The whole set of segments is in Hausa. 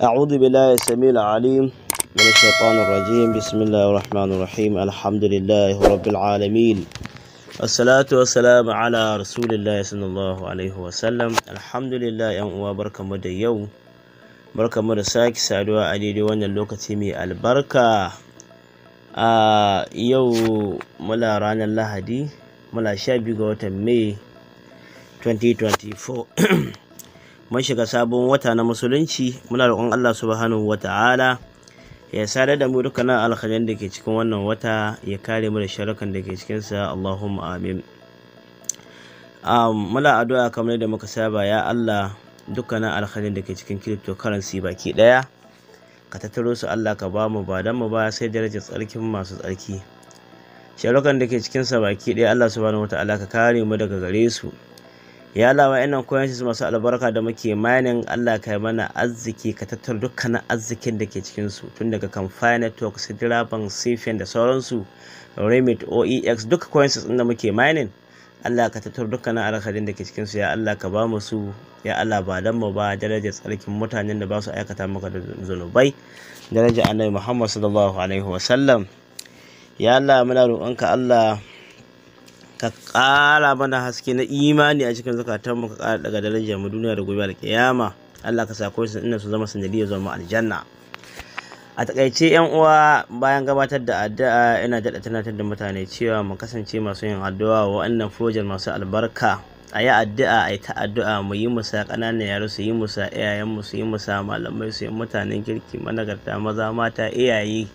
أعوذ بالله السميع العليم من الشيطان الرجيم بسم الله الرحمن الرحيم الحمد لله رب العالمين الصلاة والسلام على رسول الله صلى الله عليه وسلم الحمد لله يوم وبركة مدى يوم بركة مدى ساك سادوا علي وانا اللوكة مي البركة آه يوم ملا رانا الله دي ملا شابي غوتا مي 2024 mun shiga sabon wata na musulunci muna roƙon Allah subhanahu wata'ala ya sadar da mu dukkanin alkhairan da ke cikin wannan wata ya kare mu da sharukan da ke cikin sa Allahumma amin um, muna addu'a kamar da muka saba ya Allah dukkanin alkhairan da ke cikin cryptocurrency baki daya ka tattaro su Allah ka ba mu ba dan mu ba sai darajar tsarkin masu tsarki sharukan da ke cikin sa baki daya Allah subhanahu wata'ala ka kare mu daga gare su ya Allah wa'annan su masu albarka da muke mining Allah kai mana arziki ka tattara dukkanin arzikin da ke cikin su tun daga Kamfai Network, Sidira Bank, da sauransu, Remit, OEX duka coins din da muke mining Allah ka tattara dukkanin alkhairin da ke cikin su ya Allah ka ba mu su ya Allah ba dan mu ba darajar tsarkin mutanen da ba su aikata maka da zunubai darajar Annabi Muhammad sallallahu alaihi wasallam ya Allah muna roƙonka Allah ka ƙara mana haske na imani a cikin mu ka ƙara daga darajar mu duniya da gobe alƙiyama Allah ka sako su inda su zama sanadiyar zama aljanna a takaice yan uwa bayan gabatar da addu'a ina daɗa tunatar da mutane cewa mu kasance masu yin addu'a wa wannan fojar masu albarka a yi addu'a a yi ta addu'a mu yi musa ƙananan yare su yi musa iyayen mu su yi musa malamai su yi mutanen kirki managarta maza mata iyaye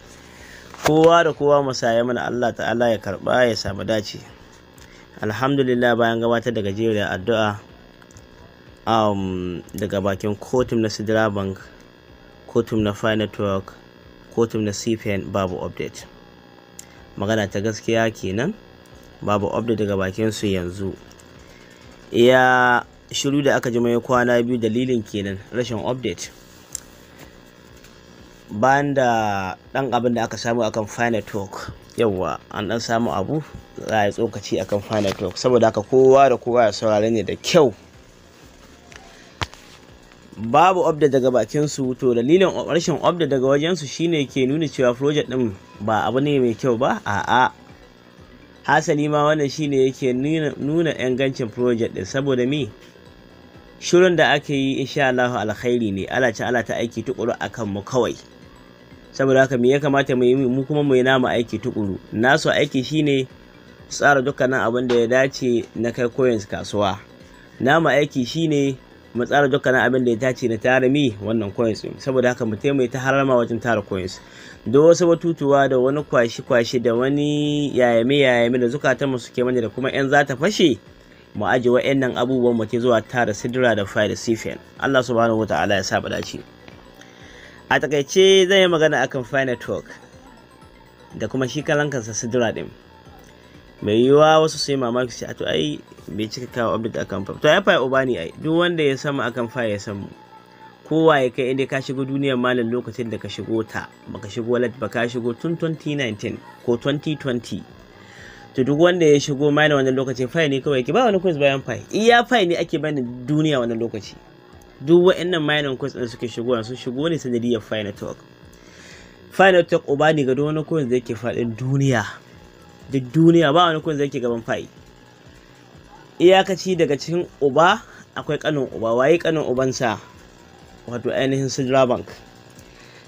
kowa da kowa musaye mana Allah ta'ala ya karba ya samu dace alhamdulillah bayan gabatar da gajeriyar addu'a um, daga bakin kotum na sidra bank kotum na fire network kotum na cpn babu update magana ta gaskiya kenan babu update daga bakin su yanzu iya shiru da aka ji jima kwana biyu dalilin kenan rashin update bayan da dan abin da aka samu akan fire network yawwa an dan samu abu za a yi tsokaci akan final talk saboda haka kowa da kowa ya saurare ne da kyau babu obda daga bakin su to dalilin rashin obda daga wajen su shine ke nuna cewa project din ba abu ne mai kyau ba a'a hasali ma wannan shine yake nuna ingancin project din saboda me shirin da aka yi insha Allah alkhairi ne ala ta ala ta aiki tukuru akan mu kawai saboda haka me ya kamata mu yi mu kuma mu yi namu aiki tukuru nasu aiki shine tsara dukkanin abin da ya dace na kai koyon kasuwa namu aiki shine mu tsara dukkanin abin da ya dace na tara mi wannan coins saboda haka mu taimaka ta harama wajen tara coins da wasu batutuwa da wani kwashi kwashi da wani yayame yayame da zukatan mu suke mana da kuma yan zata fashe mu aje wa'annan abubuwan mu ke zuwa tara sidira da fire sifen Allah subhanahu wataala ya sa dace a takaice zan yi magana akan fine talk da kuma shi kalan kansa sidira din mai yiwuwa wasu sai mamaki su to ai bai cika kawo da akan fa to ya fa uba ne ai duk wanda ya sama akan fa ya samu kowa ya kai inda ka shigo duniyar malam lokacin da ka shigo ta baka shigo lat ba ka shigo tun 2019 ko 2020 to duk wanda ya shigo malam wannan lokacin fa ne kawai ki ba wani quiz bayan fa iya fa ne ake bani duniya wannan lokaci duk wa'annan mayanin coins din suke shigowa sun shigo ne sanadiyar final talk final talk uba ne ga duk wani da yake faɗin duniya da duniya ba wani coins da yake gaban fai iyakaci daga cikin uba akwai kanin uba waye kanin ubansa wato ainihin sidra bank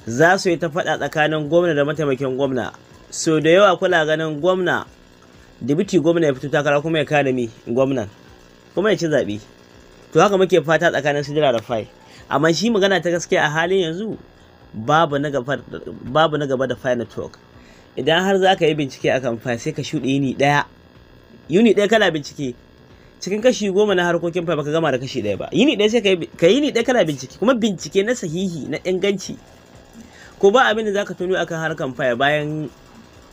za su yi ta faɗa tsakanin gwamna da mataimakin gwamna so da yawa kula ganin gwamna dibiti gwamna ya fito takara kuma ya kada mi gwamnan kuma ya ci zaɓe to haka muke fata tsakanin sidira da fai amma shi magana ta gaskiya a halin yanzu babu na gaba da fai na talk idan har za ka yi bincike akan fai sai ka shuɗe ni ɗaya ni ɗaya kana bincike cikin kashi goma na harkokin fai baka gama da kashi ɗaya ba yini ɗaya sai ka yini ɗaya kana bincike kuma bincike na sahihi na inganci ko ba abin da za ka tuno akan harkan fai bayan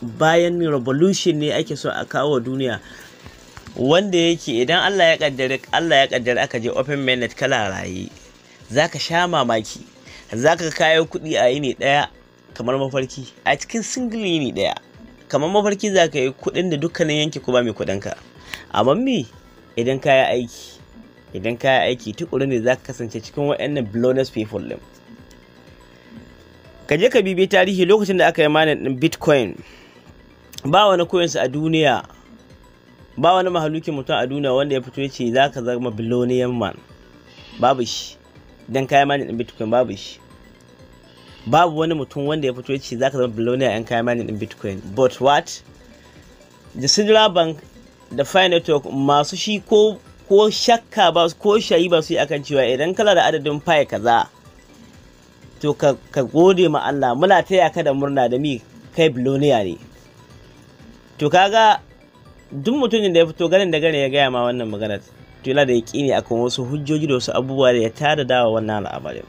bayan revolution ne ake so a kawo duniya wanda yake idan Allah ya kaddare Allah ya kaddare aka je open mainnet kala raye zaka sha mamaki zaka kayo kuɗi a yini daya, kamar mafarki a cikin single yini daya, kamar mafarki zaka yi kuɗin da dukkanin yanki kuma mai kuɗin ka amma me idan ka yi aiki idan ka yi aiki tukuru ne zaka kasance cikin waɗannan bonus people din ka je ka bibi tarihi lokacin da aka yi manin bitcoin ba wani su a duniya ba wani mahalukin mutum a duniya wanda ya fito ya ce za ka zama billionaire man babu shi don kayan mani ɗin bitcoin babu shi babu wani mutum wanda ya fito ya ce za ka zama biloniya yan kayan mani ɗin bitcoin but what the central bank da fine network masu shi ko ko shakka ba ko shayi ba su yi akan cewa idan kala da adadin faye kaza to ka, gode ma Allah muna taya ka da murna da mi kai biloniya ne to kaga duk mutumin da ya fito garin da garin ya gaya ma wannan maganar to yana da yaƙini akan wasu hujjoji da wasu abubuwa da ya tada dawa wannan al'amarin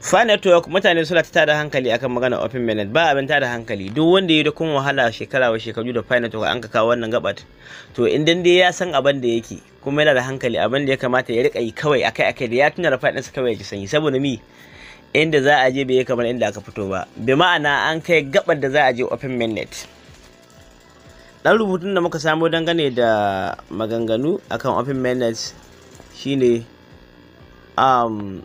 fa network mutane suna ta tada hankali akan magana open mainnet ba abin tada hankali duk wanda ya da kuma wahala shekara wa shekaru da fa network an ka kawo wannan gabat to idan dai ya san abin da yake kuma yana da hankali abin da ya kamata ya rika yi kawai akai akai da ya tuna da fadin kawai ya ji sanyi saboda mi inda za a je bai kamar inda aka fito ba bi ma'ana an kai gabar da za a je open minute dan rubutun da muka samo dangane da maganganu akan open mainnet shine um,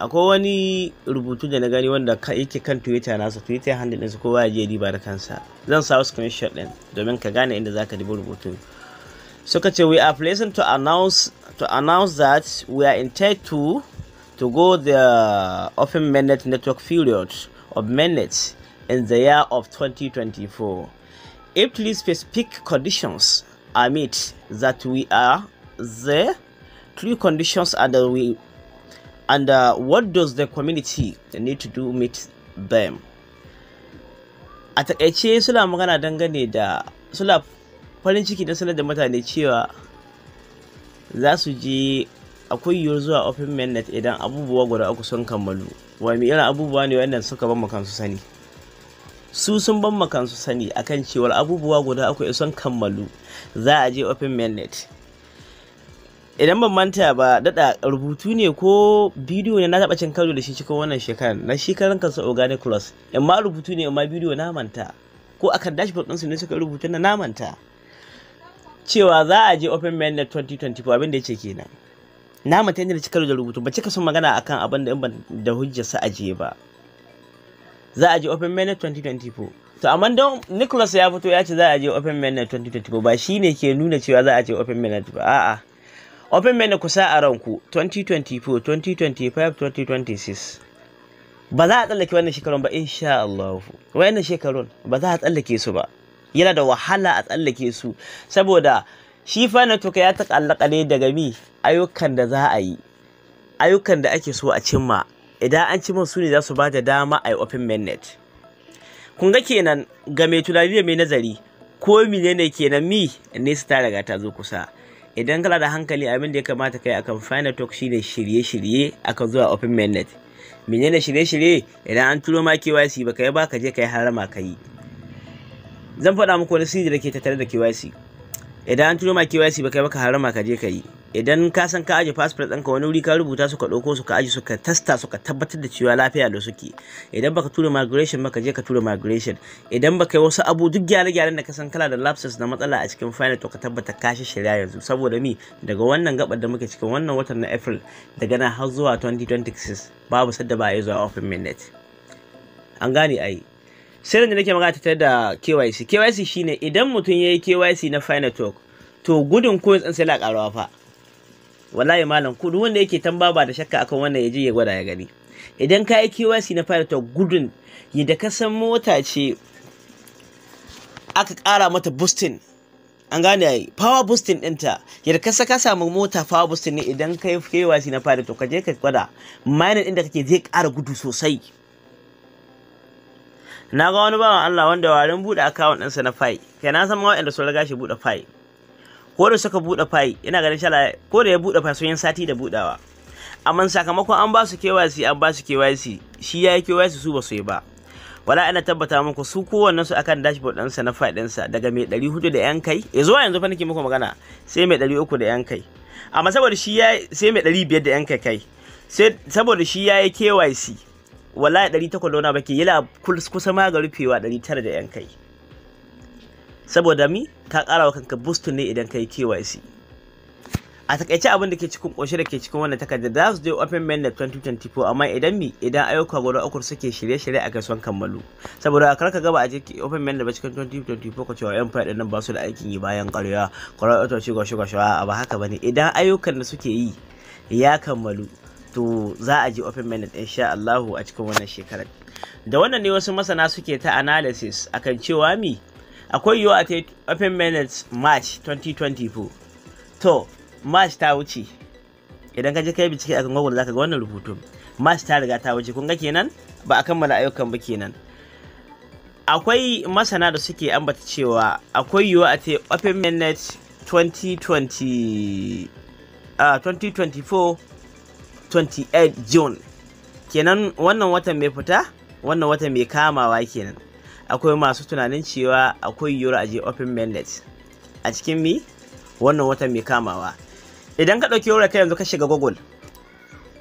akwai wani rubutu da na gani wanda yake kan twitter nasa twitter handle su kowa ya je riba da kansa zan sa screenshot ɗin domin ka gane inda za zaka dubi rubutu suka ce we are pleasant to announce to announce that we are intent to to go the open mainnet network period of mainnet in the year of 2024 If these specific conditions are met that we are the three conditions are we and uh, what does the community need to do meet them a takaice suna magana dangane da suna farin ciki na sanar da mutane cewa za su je akwai yiwuwar zuwa open mainnet idan abubuwa guda uku sun kammalu wani irin abubuwa ne wannan suka ban mu kansu sani su sun ban su sani akan cewar abubuwa guda uku son kammalu za a je open mainnet idan ban manta ba dada rubutu ne ko bidiyo ne na taba cin karo da shi cikin wannan shekarar na shekarar kansa organic cross in ma rubutu ne in ma bidiyo na manta ko akan dashboard ɗinsu ne suka rubuta na na manta cewa za a je open mainnet 2024 abin da ya ce kenan na manta yadda da cikar da rubutu ba cika sun magana akan abin da in ban da hujjarsa je ba za a je open mainnet 2024 to amma don nicholas ya fito ya ce za a je open mainnet 2024 ba shi ne ke nuna cewa za a je open mainnet ba a'a open mainnet kusa a ranku 2024 2025 2026 ba za a tsallake wannan shekarun ba insha Allah wannan shekarun ba za a tsallake su ba yana da wahala a tsallake su saboda shi fana toka ya taƙallaka ne daga mi ayyukan da za a yi ayyukan da ake so a cimma idan an ci su ne za su ba da dama a yi open mainnet kun ga kenan ga mai tunani mai nazari ko menene kenan mi nesa ta riga ta zo kusa idan kana da hankali abin da ya kamata kai akan final talk shine shirye-shirye akan zuwa open mainnet menene shirye-shirye idan an turo ma KYC ba kai ba ka je kai harama kai zan faɗa muku wani sirri da ke tattare da KYC idan an turo ma KYC ba kai ba ka harama ka je kai idan ka san ka aje passport ɗinka wani wuri ka rubuta su ka ɗauko su ka aje su ka tasta su ka tabbatar da cewa lafiya da suke idan baka tura migration baka je ka tura migration idan baka yi wasu abu duk gyare-gyaren da ka san kala da lapses na matsala a cikin final to ka tabbata ka shi shirya yanzu saboda mi daga wannan gabar da muke cikin wannan watan na april daga nan har zuwa 2026 babu sadda ba a yi zuwa open minute an gane ai sai da nake magana ta da KYC KYC shine idan mutum ya yi KYC na final talk to gudun coins ɗin sai la ƙarawa fa wallahi malam ku duk wanda yake tamba ba da shakka akan wannan yaje ya gwada ya gani idan ka yi KYC na fara ta gudun yadda ka san mota ce aka ƙara mata boosting an gane yayi power boosting ɗinta yadda ka saka samu mota power boosting ne idan ka yi KYC na fara to ka je ka gwada mining ɗin da kake zai kara gudu sosai na ga wani bawan Allah wanda warin buɗe akawun ɗinsa na fai kai na san ma waɗanda sun riga shi buɗe fai ko da suka buɗe fai ina ganin shala ko da ya buɗe fai sun sati da buɗawa amma sakamakon an ba su KYC an ba su KYC shi ya yi KYC su ba su yi ba wala ina tabbata muku su kowannen su akan dashboard sa na fai sa daga mai 400 da yan kai ya zuwa yanzu fa nake muku magana sai mai 300 da yan kai amma saboda shi ya sai mai 500 da yan kai kai sai saboda shi ya yi KYC wala 800 da wani ba ke yi la kusa ma ga rufewa 900 da yan kai saboda mi ka ƙara wa kanka boost ne idan ka yi KYC a takaice abin da ke cikin ƙoshe da ke cikin wannan takarda za su je open mainnet 2024 amma idan mi idan ayyuka guda uku suke shirye-shirye a kasuwan kammalu saboda a karka gaba a je open mainnet ba cikin 2024 ko cewa yan faɗin nan ba su da aikin yi bayan ƙarya ƙwarar auto shigo shigo a ba haka bane idan ayyukan da suke yi ya kammalu to za a je open mainnet insha Allah a cikin wannan shekarar da wannan ne wasu masana suke ta analysis akan cewa mi akwai yiwu a open minutes march 2024 to march ta wuce idan ka je kai bincike akan google zaka ga wannan rubutun. march ta riga ta wuce kun ga kenan ba a kammala ayyukan ba kenan akwai masana da suke ambata cewa akwai yiwu a open minutes 2020 uh, 2024 28 june kenan wannan watan mai fita wannan watan mai kamawa kenan akwai masu tunanin cewa akwai yiwuwar aje open mainnet a cikin mi wannan watan mai kamawa idan ka ɗauki yiwuwar ka yanzu ka shiga google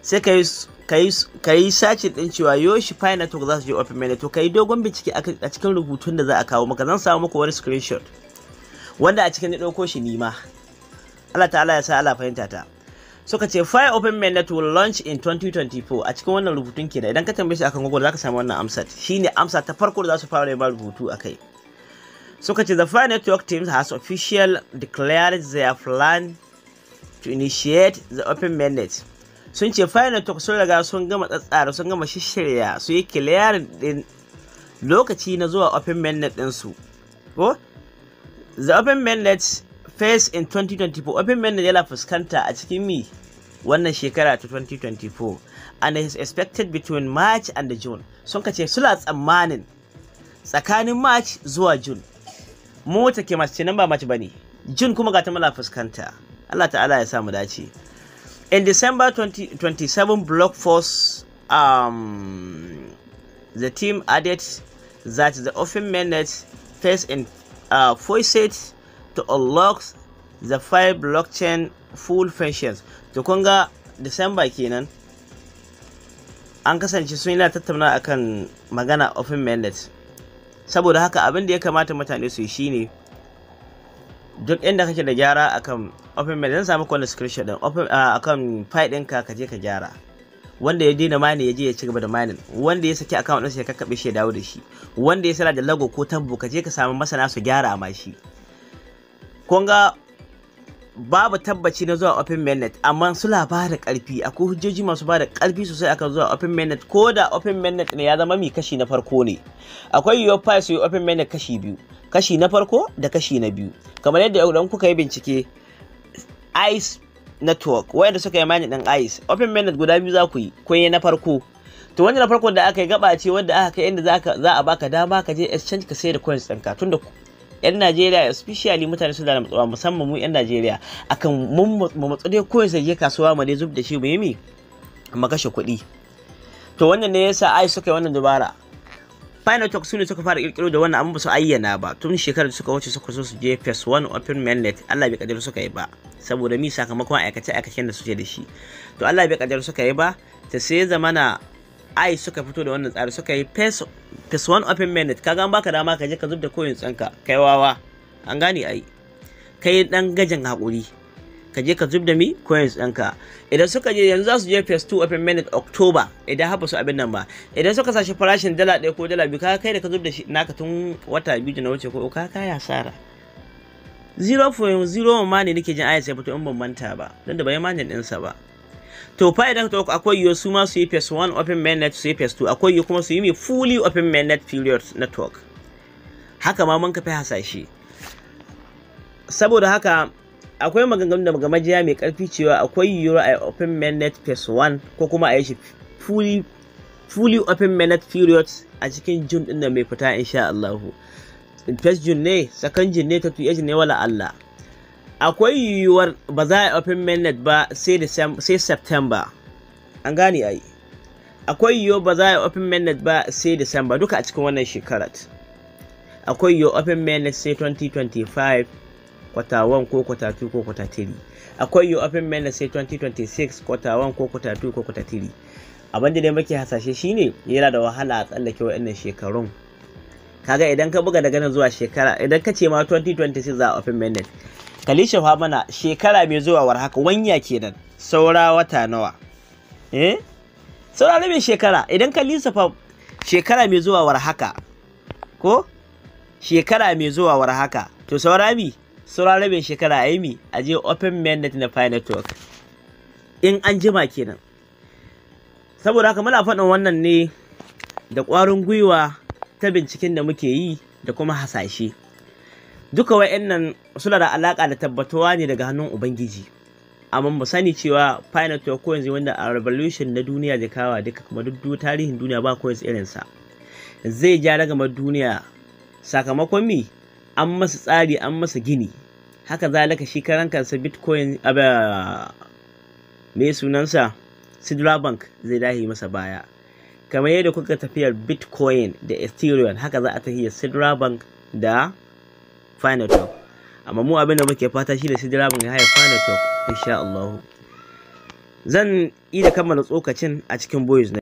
sai ka yi sace ɗin cewa yoshi pi network za su je open mainnet to ka yi dogon bincike a cikin rubutun da za a kawo maka zan samu muku wani screenshot wanda a cikin na ɗauko shi nima Allah ta'ala ya sa Allah fahimta ta. suka ce fire open mainnet will launch in 2024 a cikin wannan rubutun ke idan ka tambaye shi akan google zaka samu wannan amsa shine amsa ta farko da za su fara ma rubutu akai suka ce the fire network teams has official declared their plan to initiate the open mainnet sun ce fire network sun riga sun gama tsatsara sun gama shishirya su yi clearing din lokaci na zuwa open mainnet din su ko the open mainnet phase in 2024 open mainnet yana fuskanta a cikin mi wannan shekara ta 2024 and is expected between March and June sun kace suna tsammanin tsakanin March zuwa June mu take masu ce ba mace bane June kuma ga ta mala fuskanta Allah ta'ala ya samu dace in December 2027 block force um, the team added that the often mainnet face in uh, to unlock the five blockchain full facials to kun ga december kenan an kasance sun yana tattauna akan magana Open mandate saboda haka abin da ya kamata mutane su yi shine duk inda kake da gyara akan open mail zan samu kwanan screenshot din ah, akan file ɗinka ka je ka gyara wanda ya daina mining ya je ya ci gaba da mining. wanda ya saki account ɗinsa ya kakkaɓe shi ya dawo da shi wanda ya sana da lago ko tabbo ka je ka samu masana su gyara ma shi kun ga babu tabbaci na zuwa open mainnet amma su ba karfi akwai hujjoji masu ba da karfi sosai akan zuwa open mainnet ko da open mainnet ne ya zama mai kashi na farko ne akwai yiwuwar file su yi open mainnet kashi biyu kashi na farko da kashi na biyu kamar yadda idan kuka yi bincike ice network wanda suka yi mani dan ice open mainnet guda biyu za ku yi kun yi na farko to wanda na farko da aka yi gaba ce wanda aka kai inda za a baka dama ka je exchange ka sayar da coins ɗinka tunda 'yan Najeriya especially mutane su da matsuwa musamman mu 'yan Najeriya akan kan matsu dai ko sai je kasuwa mu dai zub da shi mu yi mi mu kashe kuɗi to wannan ne yasa ai suka yi wannan dubara final talk sune suka fara kirkiro da wannan amma ba su ayyana ba tun shekarar da suka wuce suka so su je phase 1 open mainnet Allah bai kaddara suka yi ba saboda mi sakamakon aikace aikacen da suke da shi to Allah bai kaddara suka yi ba ta sai zamana ai suka fito da wannan tsari suka yi pes one open minute kaga an baka dama ka je ka zub da koyin tsanka kai wawa an gane ai kai dan gajin hakuri ka je ka zub da mi koyin tsanka idan suka je yanzu za su je phase 2 open minute october idan haɓa su abin nan ba idan suka sashi farashin dala ɗaya ko dala biyu ka kai da ka zub da shi naka tun wata biyu da na wuce ko ka kaya sara 0.0 ma ne nake jin aya sai fito in ban manta ba don da bai manin ɗinsa ba to fa idan ta akwai yiwu su ma su yi phase 1 open mainnet su yi phase 2 akwai yiwu kuma su yi mai fully open mainnet period network haka ma mun kafa hasashe saboda haka akwai maganganu da magamajiya mai karfi cewa akwai yiwuwar a open mainnet phase 1 ko kuma a yi shi fully fully open mainnet period a cikin june din da mai fita insha Allah first june ne second june ne ta tuye ne wala Allah akwai yiwuwar ba za a open mainnet ba sai september an gane ai akwai yiwuwar ba za a open mainnet ba sai december duka a cikin wannan shekarar akwai yiwuwar open mainnet sai 2025 kwata 1 ko kwata 2 ko kwata 3 akwai yiwuwar open mainnet sai 2026 kwata 1 ko kwata 2 ko kwata 3 abin da dai muke hasashe shine yana da wahala a tsallake waɗannan shekarun kaga idan ka buga daga nan zuwa shekara idan ka ce ma 2026 za a open mainnet ka fa mana shekara mai zuwa war haka wanya kenan saura wata nawa eh saura mai shekara idan ka fa shekara mai zuwa war haka ko shekara mai zuwa war haka to saura mi saura rabin shekara a mi a je open mainnet na final talk. in an jima kenan saboda haka muna faɗin wannan ne da ƙwarin gwiwa ta binciken da muke yi da kuma hasashe. duka nan suna da alaƙa da tabbatuwa ne daga hannun ubangiji amma mu sani cewa final to ko yanzu wanda a revolution na duniya da kawa duka kuma duk tarihin duniya ba ko irin sa zai ja ragamar duniya sakamakon mi an masa tsari an masa gini haka zalika shi karan kansa bitcoin abe me sunansa sidra bank zai dahi masa baya kamar yadda kuka tafiyar bitcoin da ethereum haka za a tafiyar sidra bank da final network amma mu abinda da muke fata shine sai jira mun haya final network insha Allah zan yi da kammala tsokacin a cikin boys